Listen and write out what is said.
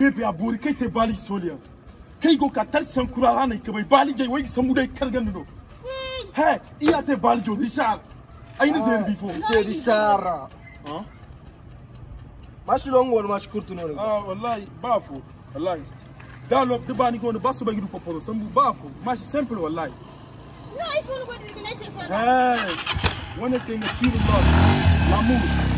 bebe abori kai te bali soliya kai go ka tar san kura hana ke bai bali jai wai samu dai kargan no he iya te bali jo richard ai ne zeri bifo se richard ha mashi longo wal mashi kurtu no ah wallahi bafo wallahi dalo de bani go no basu bai rupo polo sambu bafo mashi simple wallahi no iphone go de ne se so hey wanna sing a few love l'amour